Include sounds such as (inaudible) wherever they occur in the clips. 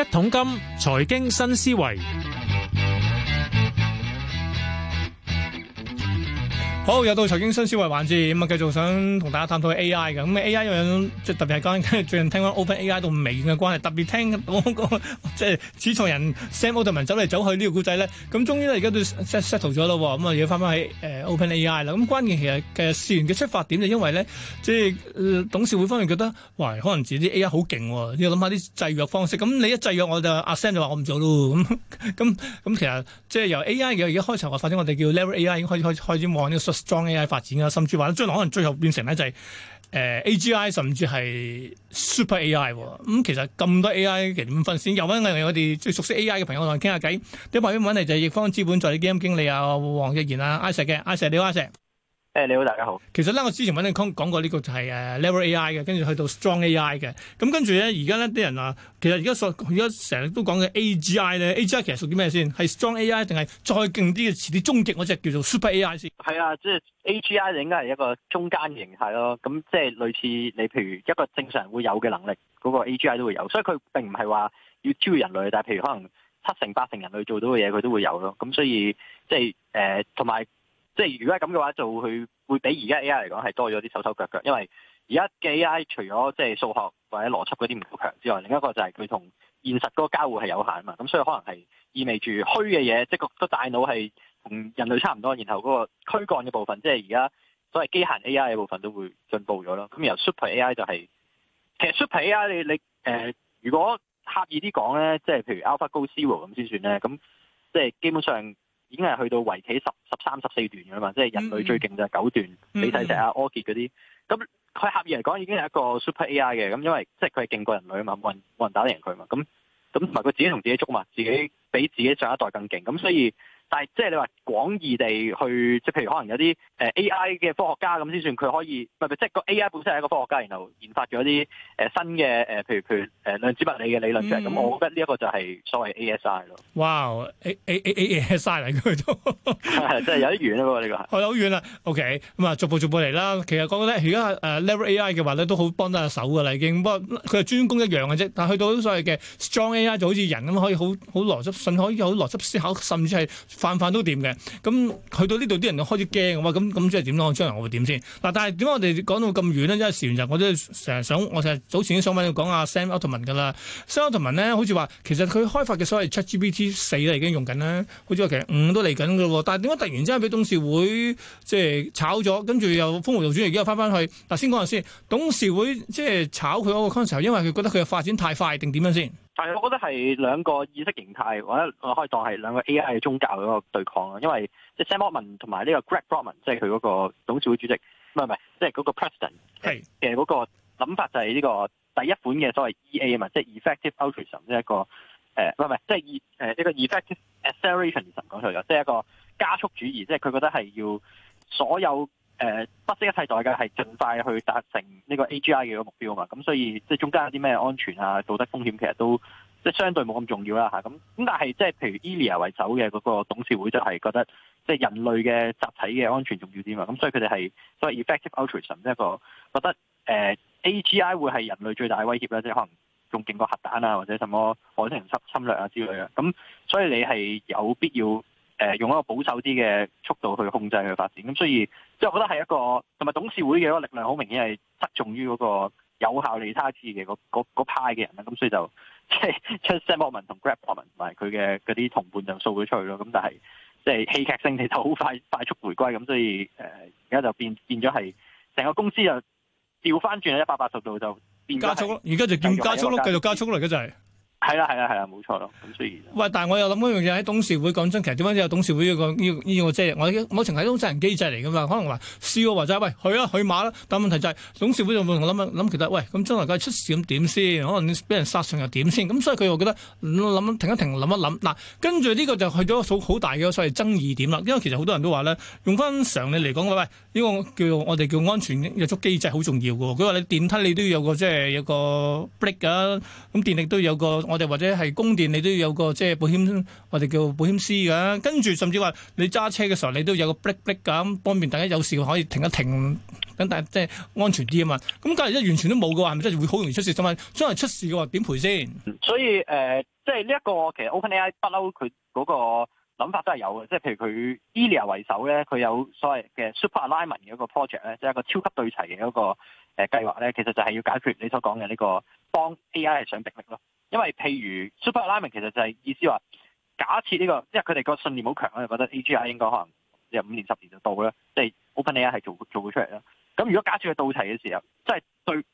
一桶金，財經新思維。好，又到財經新思維環節，咁啊繼續想同大家探討 AI 嘅，咁 AI 有樣即特別係講最近聽翻 OpenAI 到尾 open 嘅關係，特別聽講即係始創人 Sam Altman 走嚟走去呢個故仔咧，咁終於呢，而家都 set settle 咗咯，咁啊而家翻翻喺 OpenAI 啦，咁關鍵其實其實事緣嘅出發點就因為咧，即係、呃、董事會方面覺得，哇可能自己啲 AI 好勁、哦，要諗下啲制約方式，咁你一制約我就阿、啊、Sam 就話我唔做咯，咁咁咁其實即係由 AI 嘅而家開頭話發展，我哋叫 Level AI 已經開始開始開始望呢個。Strong AI 發展啊，甚至話將來可能最後變成咧就係呃、AGI，甚至係 super AI 咁、嗯。其實咁多 AI 其實點分先？有冇我哋最熟悉 AI 嘅朋友同我傾下偈？啲朋友問問題，就係易方資本助理基金經理啊，王逸研啊，阿石嘅，阿石你好阿石。Hey, 你好，大家好。其實咧，我之前揾你講講過呢個就係誒 Level AI 嘅，跟住去到 Strong AI 嘅。咁跟住咧，而家咧啲人話啊，其實而家所而家成日都講嘅 AGI 咧，AGI 其實屬啲咩先？係 Strong AI 定係再勁啲嘅遲啲終極嗰隻叫做 Super AI 先？係啊，即係 AGI 應該係一個中間形態咯。咁即係類似你譬如一個正常人會有嘅能力，嗰個 AGI 都會有。所以佢並唔係話要超越人類，但係譬如可能七成八成人類做到嘅嘢，佢都會有咯。咁所以即係誒，同埋，呃即係如果係咁嘅話，就佢會比而家 A.I. 嚟講係多咗啲手手腳腳，因為而家嘅 A.I. 除咗即係數學或者邏輯嗰啲唔夠強之外，另一個就係佢同現實嗰個交互係有限啊嘛。咁所以可能係意味住虛嘅嘢，即係個大腦係同人類差唔多，然後嗰個軀幹嘅部分，即係而家所謂機械 A.I. 嘅部分都會進步咗咯。咁然後 Super A.I. 就係、是、其實 Super A.I. 你你誒、呃，如果刻意啲講咧，即係譬如 AlphaGo Zero 咁先算咧，咁即係基本上。已經係去到圍棋十十三十四段嘅啦嘛，即係人類最勁就係、mm-hmm. 九段，李世石啊、mm-hmm. 柯傑嗰啲，咁佢合意嚟講已經係一個 super AI 嘅，咁因為即係佢係勁過人類啊嘛，冇人冇人打得贏佢嘛，咁咁同埋佢自己同自己捉嘛，自己比自己上一代更勁，咁所以。Mm-hmm. 但係即係你話廣義地去，即係譬如可能有啲誒 A.I. 嘅科學家咁先算，佢可以唔係、就是、即係個 A.I. 本身係一個科學家，然後研發咗啲誒新嘅誒、呃，譬如譬如誒、呃、量子物理嘅理論出嚟。咁、嗯、我覺得呢一個就係所謂 A.S.I. 咯。哇、wow, A.S.I. 嚟佢都，啊、 (laughs) 真係有啲遠咯喎呢個、 (laughs) 嗯。係好遠啦、啊。O.K. 咁啊，逐步逐步嚟啦。其實講緊而家誒 Level A.I. 嘅話咧，都好幫得下手㗎啦已經。不過佢係專攻一樣嘅啫，但係去到所謂嘅 Strong A.I. 就好似人咁，可以好好邏輯、信可以好邏輯思考，甚至係。飯飯都掂嘅，咁去到呢度啲人都開始驚喎，咁咁即係點咯？將來我會點先？嗱，但係點解我哋講到咁遠呢？因為時元集我都成日想，我成日早前都想揾你講阿 Sam Altman 噶啦。 (music) Sam Altman 咧，好似話其實佢開發嘅所謂 ChatGPT 四咧已經用緊啦，好似話其實五都嚟緊噶喎。但係點解突然之間俾董事會即係炒咗，跟住又風無道轉而家又翻翻去？嗱，先講下先，董事會即係炒佢嗰個 concept，因為佢覺得佢嘅發展太快定點樣先？係，我覺得係兩個意識形態，或者我可以當係兩個 AI 嘅宗教嗰個對抗咯。因為即係 Sam Altman 同埋呢個 Greg Brockman，即係佢嗰個董事會主席，唔係唔係，即係嗰個 President 係嘅嗰個諗法就係呢個第一款嘅所謂 EA 啊嘛，即係 Effective Altruism，即係一個誒，唔係唔係，即係誒一個 Effective Acceleration，講錯咗，即係一個加速主義，即係佢覺得係要所有。誒、呃、不惜一切代價，係盡快去達成呢個 AGI 嘅目標啊嘛！咁所以即係中間有啲咩安全啊、道德風險，其實都即係相對冇咁重要啦嚇。咁咁但係即係譬如 Elia 為首嘅嗰個董事會，就係覺得即係人類嘅集體嘅安全重要啲、啊、嘛。咁所以佢哋係所謂 effective altruism 即係個覺得誒、呃、AGI 會係人類最大嘅威脅啦，即係可能仲勁過核彈啊，或者什麼外星人侵略啊之類啊。咁所以你係有必要，誒用一個保守啲嘅速度去控制佢發展，咁所以即係我覺得係一個同埋董事會嘅嗰力量，好明顯係側重於嗰個有效利他次嘅嗰嗰派嘅人啦。咁所以就即係出 Sam Altman 同 Greg Brockman 同埋佢嘅嗰啲同伴就掃佢出去咯。咁但係即係戲劇性地就好快快速回歸咁，所以誒而家就變變咗係成整個公司就調翻轉一百八十度，就變成加速。而家就更加速咯，繼續加速而家就係、係。係啊，係啊，係啊，冇錯咯。咁所以喂，但係我又諗嗰樣嘢喺董事會，講真，其實點解有董事會要、這個呢要、這個即係、這個、我我某程度係一種制人機制嚟噶嘛？可能話輸嘅或者喂去啊去馬啦，但係問題就係、是、董事會就會我諗啊諗，其實喂咁將來佢出事咁點先？可能你俾人殺上又點先？咁、嗯、所以佢又覺得諗停一停，諗一諗嗱。跟住呢個就去咗好好大嘅所謂爭議點啦。因為其實好多人都話咧，用翻常理嚟講喂，呢、這個叫我哋叫安全約束機制好重要噶。佢話你電梯你都要有個即係有個 break 噶，咁、嗯、電力都要有個。我哋或者係供電你都要有個即係保險，我哋叫保險師㗎，啊。跟住甚至話你揸車嘅時候，你都要有個 blink blink 咁，方便大家有事可以停一停，等大家即係安全啲啊嘛。咁假如一完全都冇嘅話，咪即係會好容易出事，因為將來出事嘅話點賠先？所以，呃、即係呢一個其實 OpenAI 不嬲，佢嗰個諗法都係有嘅。即係譬如佢 Elia 為首咧，佢有所謂嘅 Super Alignment 嘅一個 project 咧，即係一個超級對齊嘅一個，呃、計劃咧，其實就係要解決你所講嘅呢個幫 AI 上能力咯。因為譬如 Super Alignment 其實就係意思話，假設呢個，因為佢哋個信念好強我就覺得 AGI 應該可能五年十年就到咧。即係 OpenAI 係做做咗出嚟啦。咁如果假設佢到齊嘅時候，即係對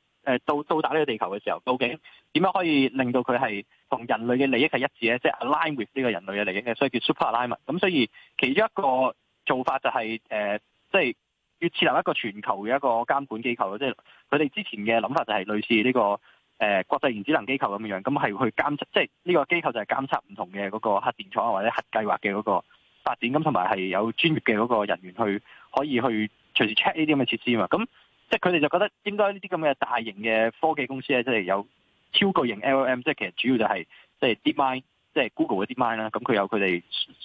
到到達呢個地球嘅時候，究竟點樣可以令到佢係同人類嘅利益係一致咧？即係 align with 呢個人類嘅利益嘅，所以叫 Super Alignment。咁所以其中一個做法就係誒，即係要設立一個全球嘅一個監管機構。即係佢哋之前嘅諗法就係類似呢個。誒、呃、國際原子能機構咁樣樣，咁係去監測，即係呢個機構就係監測唔同嘅嗰個核電廠或者核計劃嘅嗰個發展，咁同埋係有專業嘅嗰個人員去可以去隨時 check 呢啲咁嘅設施啊嘛，咁即係佢哋就覺得應該呢啲咁嘅大型嘅科技公司咧，即、就、係、是、有超巨型 LLM，即係其實主要就係即係 DeepMind，即係 Google 嘅 DeepMind 啦，咁佢有佢哋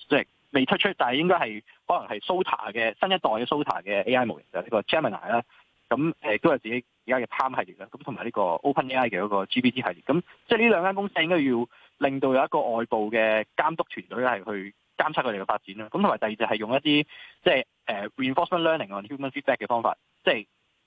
即係未出出，但係應該係可能係 Sota 嘅新一代嘅 Sota 嘅 AI 模型就係呢個 Gemini 啦，咁、呃、誒都有自己。而家嘅 PaLM 系列，咁同埋呢個 OpenAI 嘅嗰個 GPT 系列，咁即係呢兩間公司應該要令到有一個外部嘅監督團隊係去監測佢哋嘅發展啦。咁同埋第二就係用一啲即係 reinforcement learning on human feedback 嘅方法，即係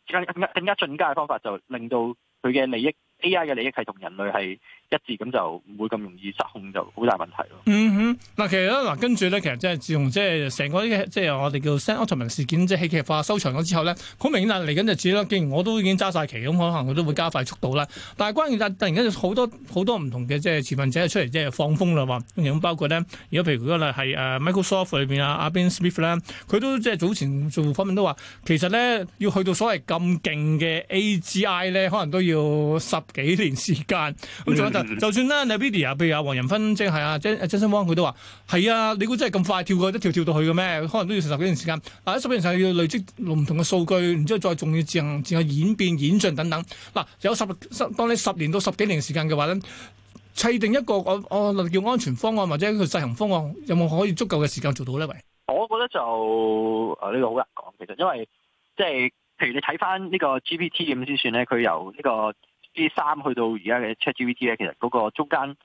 更加更加進階嘅方法，就令到佢嘅利益。A.I. 嘅利益係同人類係一致，咁就唔會咁容易失控，就好大問題咯。嗯哼，嗱其實咧，嗱跟住咧，其實即係自從即係成個啲即係我哋叫 Sam Altman 事件即係戲劇化收場咗之後咧，好明顯啦，嚟緊就係只啦。既然我都已經揸晒旗，咁可能佢都會加快速度啦。但係關鍵就突然間好多好多唔同嘅即係持份者出嚟即係放風啦，話咁包括咧，而家譬如如果係 Microsoft 裏邊啊，阿 Ben Smith 咧，佢都即係早前做訪問都話，其實咧要去到所謂咁勁嘅 A.G.I. 咧，可能都要十。幾年時間咁、嗯、就算啦，你、嗯、Nvidia 啊，譬如阿黃仁勳，即係阿阿曾新邦，佢都話係啊，你估真係咁快跳過一跳跳到去嘅咩？可能都要成十幾年時間。嗱、啊，一方面就要累積唔同嘅數據，然之後再仲要自行自行演變、演進等等。嗱、啊，有十十當你十年到十幾年時間嘅話咧，砌定一個我我叫安全方案或者一個實行方案，有冇可以足夠嘅時間做到咧？喂，我覺得就誒呢、哦這個好難講，其實因為即係、就是、譬如你睇翻呢個 GPT 咁先算咧，佢由呢個。啲三去到而家嘅 ChatGPT 咧，其實嗰個中間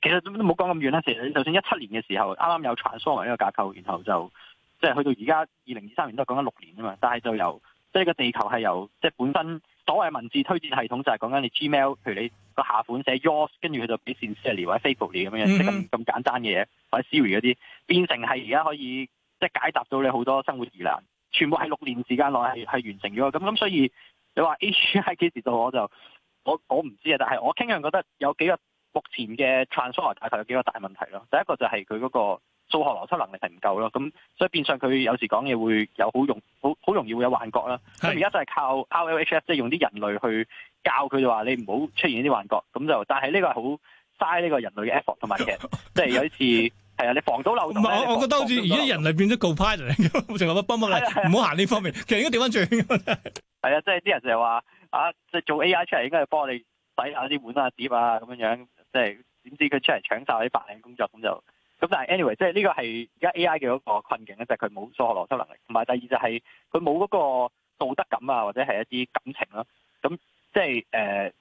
其實都冇講咁遠啦。其實你就算一七年嘅時候，啱啱有 Transformer 呢個架構，然後就即係去到而家二零二三年都係講緊六年啊嘛。但係就由即係個地球係由即係本身所謂文字推薦系統，就係講緊你 Gmail，譬如你個下款寫 yours 跟住佢就俾 sincerely 或者 Facebook 嚟咁樣，即係咁咁簡單嘅嘢，或者 Siri 嗰啲變成係而家可以即係解答到你好多生活疑難，全部係六年時間內係係完成咗咁咁。所以你話 AGI 幾時到，我就？我我唔知啊，但係我傾向覺得有幾個目前嘅 Transformer 有幾個大問題咯。第一個就係佢嗰個數學邏輯能力係唔夠咯，咁所以變相佢有時講嘢會有好容好好容易會有幻覺啦。咁而家就係靠 RLHF 即係用啲人類去教佢就話你唔好出現呢啲幻覺，咁就但係呢個係好嘥呢個人類嘅 effort 同埋其實， (laughs) 即係有一次，係 (laughs) 啊！你防到漏唔係？我覺得好似而家人類變咗 GPT 嚟嘅，仲 (laughs) 有乜崩崩嚟？唔好行呢方面， (laughs) 其實應該調翻轉。係 (laughs) 啊，即係啲人就係話。啊！即係做 A.I. 出嚟，應該係幫我哋洗下啲碗啊碟啊咁樣樣，即係點知佢出嚟搶曬啲白領工作咁就咁。但係 anyway，即係呢個係而家 A.I. 嘅嗰個困境咧，就係佢冇數學邏輯能力，同埋第二就係佢冇嗰個道德感啊，或者係一啲感情啦、啊。咁即係誒，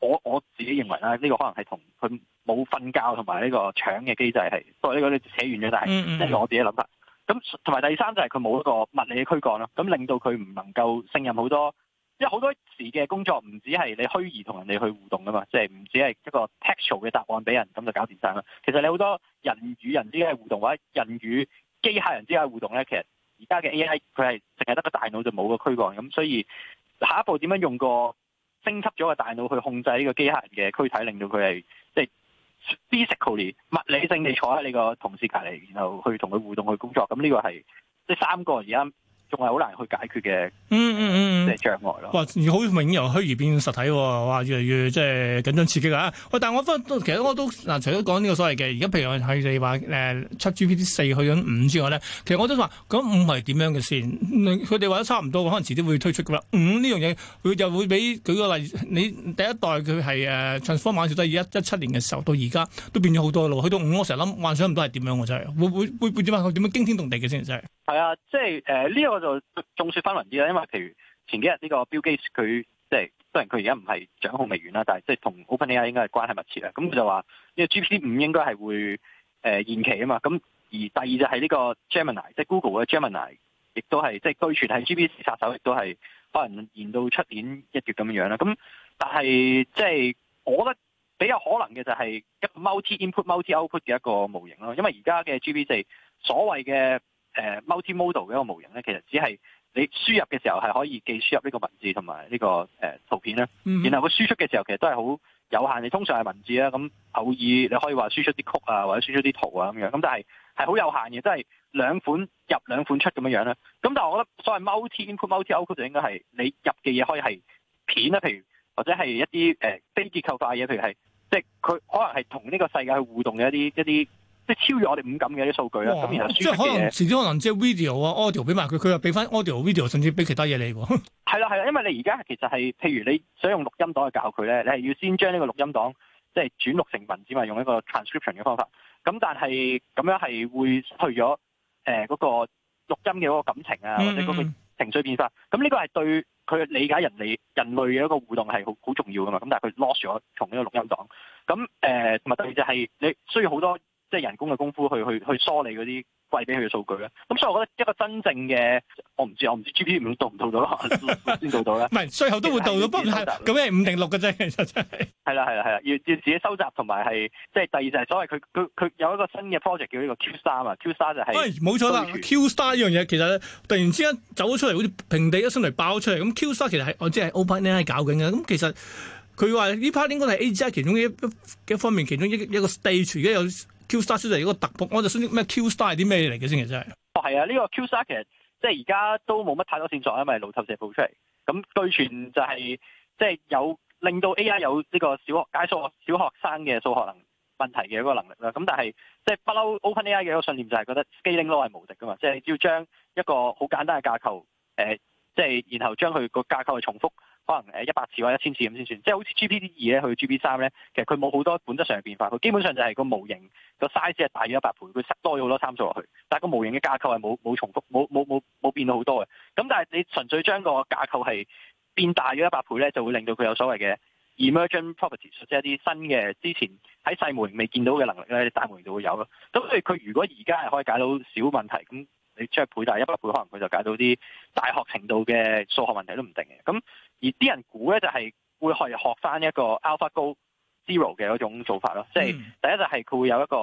我我自己認為啦，呢個可能係同佢冇瞓覺同埋呢個搶嘅機制係，不過呢個你扯遠咗，但係即係我自己諗法。咁同埋第三就係佢冇嗰個物理嘅軀幹啦，咁令到佢唔能夠勝任好多。即係好多時嘅工作唔止係你虛擬同人哋去互動噶嘛，即係唔止係一個 textual 嘅答案俾人，咁就搞掂晒啦。其實你好多人與人之間嘅互動或者人與機械人之間嘅互動咧，其實而家嘅 AI 佢係淨係得個大腦就冇個軀幹，咁所以下一步點樣用個升級咗個大腦去控制呢個機械人嘅軀體，令到佢係即係 physically 物理性地坐喺你個同事隔離，然後去同佢互動去工作，咁呢個係即係三個而家。仲係好難去解決嘅，嗯嗯嗯，即係障礙咯。哇！好容易由虛擬變實體喎，哇！越嚟越即係緊張刺激啦。喂，但係我都其實我都嗱，除咗講呢個所謂嘅，而家譬如我係你、呃、話誒出 GPT 四去緊五之外呢，其實我都話咁五係點樣嘅先？佢哋話差唔多，可能遲啲會推出噶啦。五呢樣嘢佢就會俾舉個例子，你第一代佢係誒 Transformer 都係一一七年嘅時候，到而家都變咗好多路。去到五，我成日諗幻想唔到係點樣嘅真係，會會會點樣點樣驚天動地嘅先真係。係啊，即係誒呢個就眾說紛紜啲啦，因為譬如前幾日呢個 Bill Gates，佢即係，雖然佢而家唔係掌控微軟啦，但係即係同 OpenAI 應該係關係密切啦。咁佢就話呢個 GPT 五應該係會誒、呃、延期啊嘛。咁而第二就係呢個 Gemini，即係 Google 嘅 Gemini，亦都係即係據傳係 GPT 殺手，亦都係可能延到出年一月咁樣樣啦。咁但係即係我覺得比較可能嘅就係一 multi input multi output 嘅一個模型咯，因為而家嘅 GPT 四所謂嘅。誒、uh, multi-modal 嘅一個模型咧，其實只係你輸入嘅時候係可以既輸入呢個文字同埋呢個誒圖片啦、mm-hmm. 然後佢輸出嘅時候其實都係好有限，你通常係文字啦，咁偶爾你可以話輸出啲曲啊，或者輸出啲圖啊咁樣，咁但係係好有限嘅，即係兩款入兩款出咁樣啦。咁但係我覺得所謂 multi-input multi-output 就應該係你入嘅嘢可以係片咧、啊，譬如或者係一啲誒非結構化嘅嘢，譬如係即係佢可能係同呢個世界去互動嘅一啲一啲。即係超越我哋五感嘅啲數據啦，咁然後即係可能遲啲可能即係 video 啊 audio 俾埋佢，佢又俾翻 audio video 甚至俾其他嘢你喎。係啦係啦，因為你而家其實係譬如你想用錄音檔去教佢咧，你係要先將呢個錄音檔即係轉錄成文字嘛，用一個 transcription 嘅方法。咁但係咁樣係會去咗誒嗰個錄音嘅嗰個感情啊，或者嗰個情緒變化。咁、嗯、呢、嗯嗯、個係對佢理解人哋人類嘅一個互動係好好重要㗎嘛。咁但係佢 lost 咗從呢個錄音檔。咁誒同埋特別就係你需要好多。即係人工嘅功夫去去去梳理嗰啲餵俾佢嘅數據咧，咁所以我覺得一個真正嘅，我唔知我唔知 GPT 五到唔到到先做到咧？唔係，最後都會到到，不過咁係五定六嘅啫，其實真係。係啦係啦係啦，要要自己收集同埋係即係第二就係所謂佢佢佢有一個新嘅 project 叫呢個 Q 三啊，Q 三就係。喂，冇錯啦，Q Star 呢樣嘢其實突然之間走咗出嚟，好似平地一升嚟爆出嚟。咁 Q Star 其實係我即係 OpenAI 搞緊嘅，咁其實佢話呢 part 應該係 AGI 其中一一,一方面其中一一個 stage 而家有。Q star 出嚟，一個突破，我就想啲咩 Q star 係啲咩嚟嘅先嘅真係。哦，係啊，呢、這個 Q star 其實即係而家都冇乜太多線索，因為路透社報出嚟。咁據傳就係、是、即係有令到 AI 有呢個小學解數學小學生嘅數學能問題嘅一個能力啦。咁但係即係不嬲 OpenAI 嘅一個信念就係覺得 scaling law 都係無敵㗎嘛，即係只要將一個好簡單嘅架構，誒、呃，即係然後將佢個架構去重複。可能誒一百次或者一千次咁先算，即係好似 GPT 二咧去 GPT 三咧，其實佢冇好多本質上嘅變化，佢基本上就係個模型個 size 係大咗一百倍，佢塞多咗好多參數落去，但係個模型嘅架構係冇冇重複，冇冇冇冇變到好多嘅。咁但係你純粹將個架構係變大咗一百倍咧，就會令到佢有所謂嘅 emergent properties，即係一啲新嘅之前喺細模型未見到嘅能力咧，大模型就會有咯。咁所以佢如果而家係可以解到小問題咁。你即係倍大一百倍，可能佢就解到啲大學程度嘅數學問題都唔定嘅。咁而啲人估咧，就係會學學翻一個 AlphaGo Zero 嘅嗰種做法咯、嗯。即係第一就係佢會有一個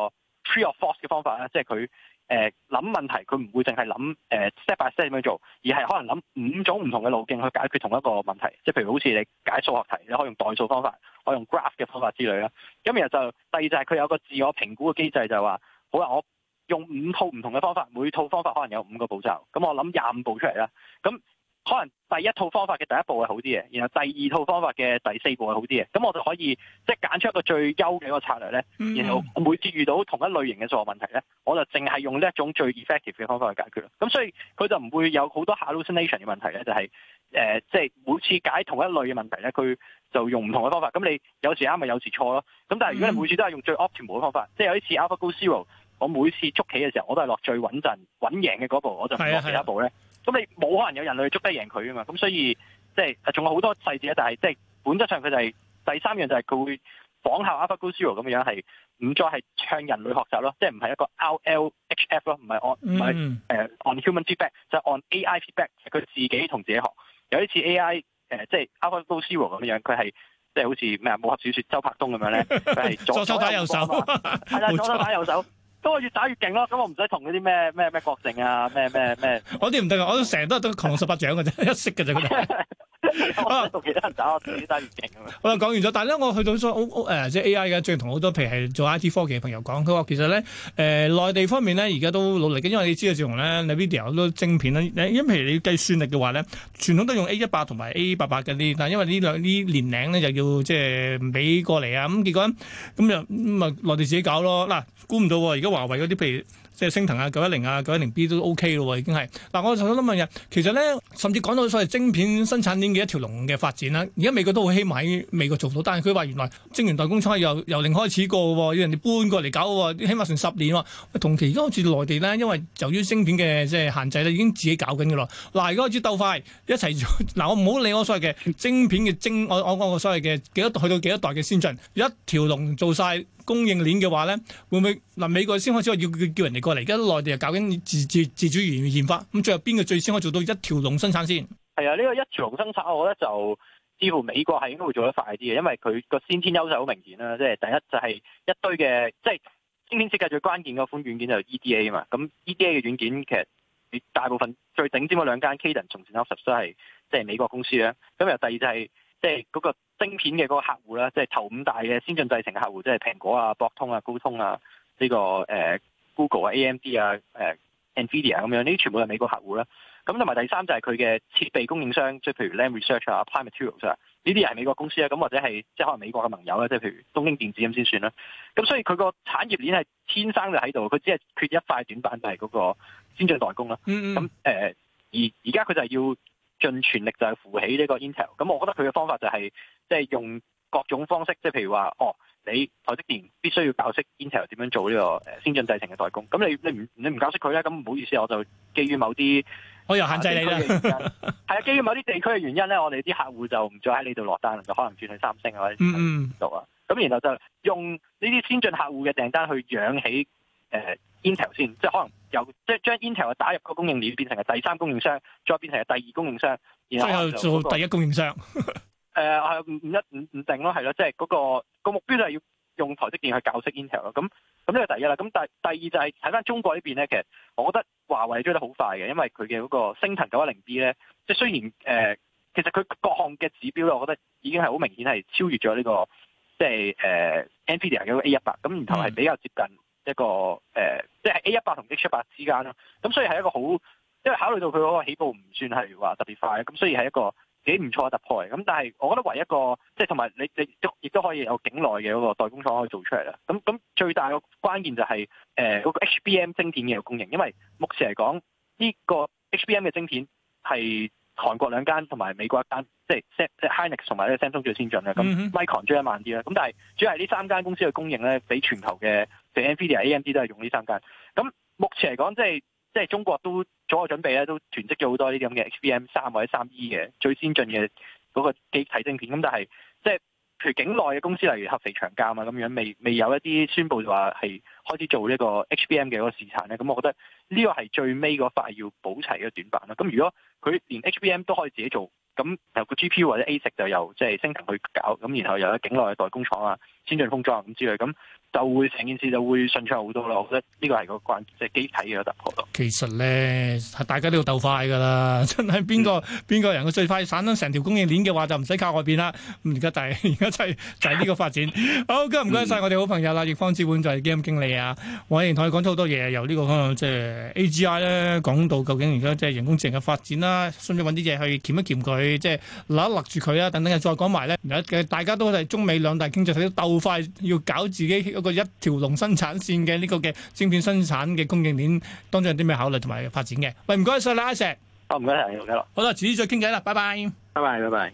tree of force 嘅方法啦。即係佢誒諗問題，佢唔會淨係諗 Step by Step 咁樣做，而係可能諗五種唔同嘅路徑去解決同一個問題。即係譬如好似你解數學題，你可以用代數方法，可以用 graph 嘅方法之類啦。咁然後就第二就係佢有個自我評估嘅機制，就話、是、好啦，我。用五套唔同嘅方法，每套方法可能有五個步驟。咁我諗廿五步出嚟啦。咁可能第一套方法嘅第一步係好啲嘅，然後第二套方法嘅第四步係好啲嘅。咁我就可以即係揀出一個最優嘅一個策略咧、嗯。然後每次遇到同一類型嘅數學問題咧，我就淨係用呢一種最 effective 嘅方法去解決。咁所以佢就唔會有好多 hallucination 嘅問題咧，就係誒即係每次解決同一類嘅問題咧，佢就用唔同嘅方法。咁你有時啱咪有時錯咯。咁但係如果你每次都係用最 optimal 嘅方法，嗯、即係有啲似 AlphaGo Zero。我每次捉棋嘅時候，我都係落最穩陣、穩贏嘅嗰步，我就唔落其他部咧。咁你冇可能有人類捉得贏佢啊嘛？咁所以即係仲有好多細節咧，但係即係本質上佢就係、是、第三樣就係佢會仿效 AlphaGo Zero 咁嘅樣，係唔再係向人類學習咯，即係唔係一個 RLHF 咯、嗯，唔係 on 唔係誒 on human feedback，就係 on AI feedback，佢自己同自己學。有一次 AI 誒、呃，即係 AlphaGo Zero 咁嘅樣，佢係即係好似咩啊？武俠小說周伯通咁樣咧，佢係左， (laughs) 左手打右手，係啦，左手打右手。 (laughs) 都係越打越勁咯，咁我唔使同嗰啲咩咩咩郭靖啊，咩咩咩，我啲唔得嘅，我都成日都得降龍十八掌嘅啫， (laughs) 一式嘅啫能同其他人打，我，找我自己單越勁咁樣。我講完咗，但係咧，我去到所好誒，即係 A I 嘅，最近同好多譬如係做 I T 科技嘅朋友講，佢話其實咧誒、呃，內地方面咧而家都努力嘅，因為你知道自從咧 NVIDIA 都晶片咧，因為譬如你計算力嘅話咧，傳統都用 A100 同埋 A800 嗰啲，但係因為兩年呢兩呢年齡咧就要即係唔俾過嚟啊。咁結果咁就咁啊，內地自己搞咯嗱，估、啊、唔到而家華為嗰啲譬如。即係昇騰啊，九一零啊，九一零 B 都 OK 咯、啊，已經係。嗱，我就想問下，其實咧，甚至講到所謂晶片生產鏈嘅一條龍嘅發展啦，而家美國都好希望喺美國做到，但係佢話原來晶圓代工廠係由由零開始過嘅，要人哋搬過嚟搞，起碼成十年喎。同期而家好似內地咧，因為由於晶片嘅即係限制咧，已經自己搞緊嘅咯。嗱，而家開始鬥快一齊做，嗱我唔好理我所謂嘅晶片嘅精，我我講嘅所謂嘅幾多代去到幾多代嘅先進，一條龍做晒。供應鏈嘅話咧，會唔會嗱美國先開始要叫叫人哋過嚟？而家內地又搞緊自自自主研研發，咁最後邊個最先可以做到一條龍生產先？係啊，呢個一條龍生產，我覺得就似乎美國係應該會做得快啲嘅，因為佢個先天優勢好明顯啦。即係第一就係一堆嘅即係晶片設計最關鍵嗰款軟件就係 EDA 啊嘛。咁 EDA 嘅軟件其實你大部分最頂尖嗰兩間 Cadence 從前都實都係即係美國公司啦。咁又第二就係即係嗰個。晶片嘅嗰個客戶啦，即係頭五大嘅先進製程嘅客戶，即係蘋果啊、博通啊、高通啊，呢個誒 Google 啊、AMD 啊、誒 Nvidia 咁樣，呢啲全部係美國客戶啦。咁同埋第三就係佢嘅設備供應商，即係譬如 Lam Research 啊、Prime Materials 啊，呢啲係美國公司啊。咁或者係即係可能美國嘅盟友啦，即係譬如東京電子咁先算啦。咁所以佢個產業鏈係天生就喺度，佢只係缺一塊短板就係嗰個先進代工啦。嗯嗯。咁誒，而而家佢就係要盡全力就係扶起呢個 Intel。咁我覺得佢嘅方法就係。即係用各種方式，即係譬如話，哦，你台積電必須要教識 Intel 點樣做呢個誒先進製程嘅代工。咁你你唔你唔教識佢咧，咁唔好意思，我就基於某啲，我有限制你啦。係啊，基於某啲地區嘅原因咧， (laughs) 我哋啲客戶就唔再喺呢度落單，就可能轉去三星啊或者呢度啊。咁、嗯嗯、然後就用呢啲先進客戶嘅訂單去養起誒 Intel 先，即係可能由即係將 Intel 打入個供應鏈，變成係第三供應商，再變成係第二供應商然後、那個，最後做第一供應商。 (laughs) 誒係唔唔一唔唔定咯，係咯，即係嗰個、那個目標係要用台積電去教識 Intel 咯，咁咁呢個第一啦。咁第第二就係睇返中國這邊呢邊咧，其實我覺得華為追得好快嘅，因為佢嘅嗰個昇騰九一零 B 咧，即係雖然誒、呃，其實佢各項嘅指標咧，我覺得已經係好明顯係超越咗呢、這個，即係誒 Nvidia 嘅個 A 一百，咁然後係比較接近一個誒，即係 A 一百同 H 一百之間咯。咁所以係一個好，因為考慮到佢嗰個起步唔算係話特別快，咁所以係一個。幾唔錯嘅突破嚟，咁但係我覺得唯一一個即係同埋你你亦都可以有境內嘅嗰個代工廠可以做出嚟啦。咁咁最大嘅關鍵就係誒嗰個 HBM 晶片嘅供應，因為目前嚟講呢個 HBM 嘅晶片係韓國兩間同埋美國一間，即係 Hynix 同埋呢 Samsung 最先進啦。咁、嗯、Micron 追得慢啲啦。咁但係主要係呢三間公司嘅供應咧，俾全球嘅，譬如 Nvidia、AMD 都係用呢三間。咁目前嚟講即係。即係中國都早有準備咧，都囤積咗好多呢啲咁嘅 HBM 三或者三 E 嘅最先進嘅嗰個記憶體晶片。咁但係即係譬如境內嘅公司，例如合肥長嘉啊，咁樣未未有一啲宣佈就話係開始做呢個 HBM 嘅嗰個試產咧。咁我覺得呢個係最尾嗰塊要補齊嘅短板啦。咁如果佢連 HBM 都可以自己做，咁由個 GPU 或者 ASIC 就由即係昇騰去搞，咁然後由啲境內嘅代工廠啊、先進封裝咁之類咁。就會成件事就會順暢好多咯，我覺得呢個係個關即係機體嘅突破咯。其實咧，大家都要鬥快噶啦，真係邊個邊、嗯、個人個最快散翻成條供應鏈嘅話就、就是就是，就唔使靠外邊啦。咁而家就係而家就係就係呢個發展。好，今日唔該晒我哋好朋友啦，嗯，易方資本就係基金經理啊，我係同佢講咗好多嘢，由，這個就是，呢個即係 AGI 咧，講到究竟而家即係人工智能嘅發展啦，信唔信搵啲嘢去鉗一鉗佢，即係勒一勒住佢啊，等等又再講埋咧。大家都係中美兩大經濟喺度鬥快，要搞自己。呢個一條龍生產線嘅，呢個嘅晶片生產嘅供應鏈，當中有啲咩考慮同埋發展嘅？喂，唔該晒啦，阿 Sir，唔該，好啦，好啦，遲再傾偈啦，拜拜，拜拜，拜拜。